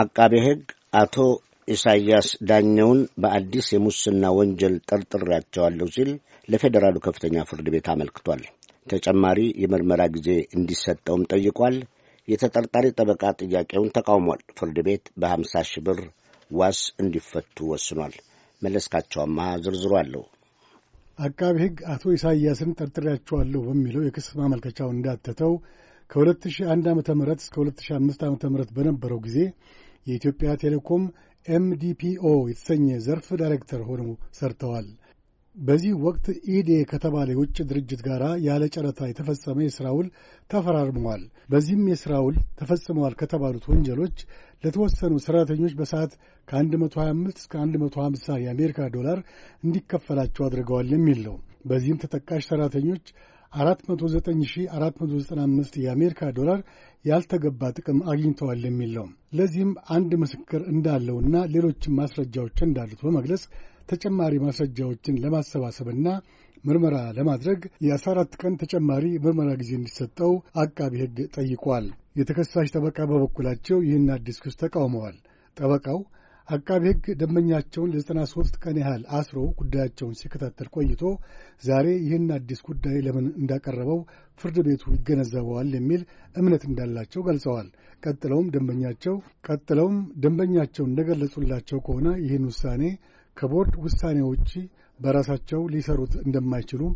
አቃቤ ሕግ አቶ ኢሳያስ ዳኘውን በአዲስ የሙስና ወንጀል ጠርጥሬያቸዋለሁ ሲል ለፌዴራሉ ከፍተኛ ፍርድ ቤት አመልክቷል። ተጨማሪ የምርመራ ጊዜ እንዲሰጠውም ጠይቋል። የተጠርጣሪ ጠበቃ ጥያቄውን ተቃውሟል። ፍርድ ቤት በ50 ሺህ ብር ዋስ እንዲፈቱ ወስኗል። መለስካቸውማ ዝርዝሩ አለው። አቃቢ ሕግ አቶ ኢሳያስን ጠርጥሬያቸዋለሁ በሚለው የክስ ማመልከቻው እንዳተተው ከ2001 ዓ ም እስከ 2005 ዓ ም በነበረው ጊዜ የኢትዮጵያ ቴሌኮም ኤምዲፒኦ የተሰኘ ዘርፍ ዳይሬክተር ሆነው ሰርተዋል። በዚህ ወቅት ኢዴ ከተባለ የውጭ ድርጅት ጋር ያለ ጨረታ የተፈጸመ የሥራ ውል ተፈራርመዋል። በዚህም የሥራ ውል ተፈጽመዋል ከተባሉት ወንጀሎች ለተወሰኑ ሠራተኞች በሰዓት ከ125 እስከ 150 የአሜሪካ ዶላር እንዲከፈላቸው አድርገዋል የሚል ነው። በዚህም ተጠቃሽ ሠራተኞች 49495 የአሜሪካ ዶላር ያልተገባ ጥቅም አግኝተዋል የሚል ነው። ለዚህም አንድ ምስክር እንዳለውና ሌሎችም ማስረጃዎች እንዳሉት በመግለጽ ተጨማሪ ማስረጃዎችን ለማሰባሰብና ምርመራ ለማድረግ የ14 ቀን ተጨማሪ ምርመራ ጊዜ እንዲሰጠው አቃቢ ሕግ ጠይቋል። የተከሳሽ ጠበቃ በበኩላቸው ይህን አዲስ ክስ ተቃውመዋል። ጠበቃው አቃቢ ሕግ ደንበኛቸውን ለዘጠና ሶስት ቀን ያህል አስሮ ጉዳያቸውን ሲከታተል ቆይቶ ዛሬ ይህን አዲስ ጉዳይ ለምን እንዳቀረበው ፍርድ ቤቱ ይገነዘበዋል የሚል እምነት እንዳላቸው ገልጸዋል። ቀጥለውም ደንበኛቸው ቀጥለውም ደንበኛቸውን እንደገለጹላቸው ከሆነ ይህን ውሳኔ ከቦርድ ውሳኔ ውጪ በራሳቸው ሊሰሩት እንደማይችሉም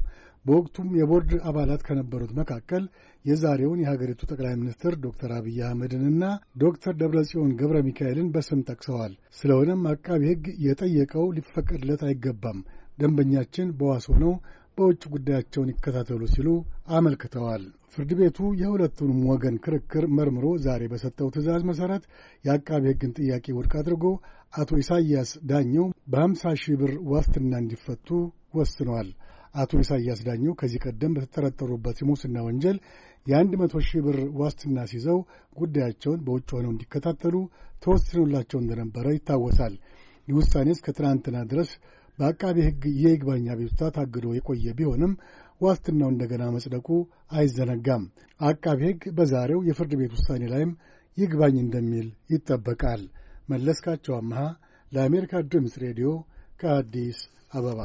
በወቅቱም የቦርድ አባላት ከነበሩት መካከል የዛሬውን የሀገሪቱ ጠቅላይ ሚኒስትር ዶክተር አብይ አህመድንና ዶክተር ደብረጽዮን ገብረ ሚካኤልን በስም ጠቅሰዋል። ስለሆነም አቃቢ ሕግ የጠየቀው ሊፈቀድለት አይገባም፣ ደንበኛችን በዋስ ሆነው በውጭ ጉዳያቸውን ይከታተሉ ሲሉ አመልክተዋል። ፍርድ ቤቱ የሁለቱንም ወገን ክርክር መርምሮ ዛሬ በሰጠው ትዕዛዝ መሠረት የአቃቤ ሕግን ጥያቄ ውድቅ አድርጎ አቶ ኢሳያስ ዳኘው በ50 ሺህ ብር ዋስትና እንዲፈቱ ወስኗል። አቶ ኢሳያስ ዳኘው ከዚህ ቀደም በተጠረጠሩበት የሙስና ወንጀል የአንድ መቶ ሺህ ብር ዋስትና ሲይዘው ጉዳያቸውን በውጭ ሆነው እንዲከታተሉ ተወስኖላቸው እንደነበረ ይታወሳል። ይህ ውሳኔ እስከ ትናንትና ድረስ በአቃቢ ሕግ የይግባኝ አቤቱታ ታግዶ የቆየ ቢሆንም ዋስትናው እንደገና መጽደቁ አይዘነጋም። አቃቤ ሕግ በዛሬው የፍርድ ቤት ውሳኔ ላይም ይግባኝ እንደሚል ይጠበቃል። መለስካቸው አመሃ ለአሜሪካ ድምፅ ሬዲዮ ከአዲስ አበባ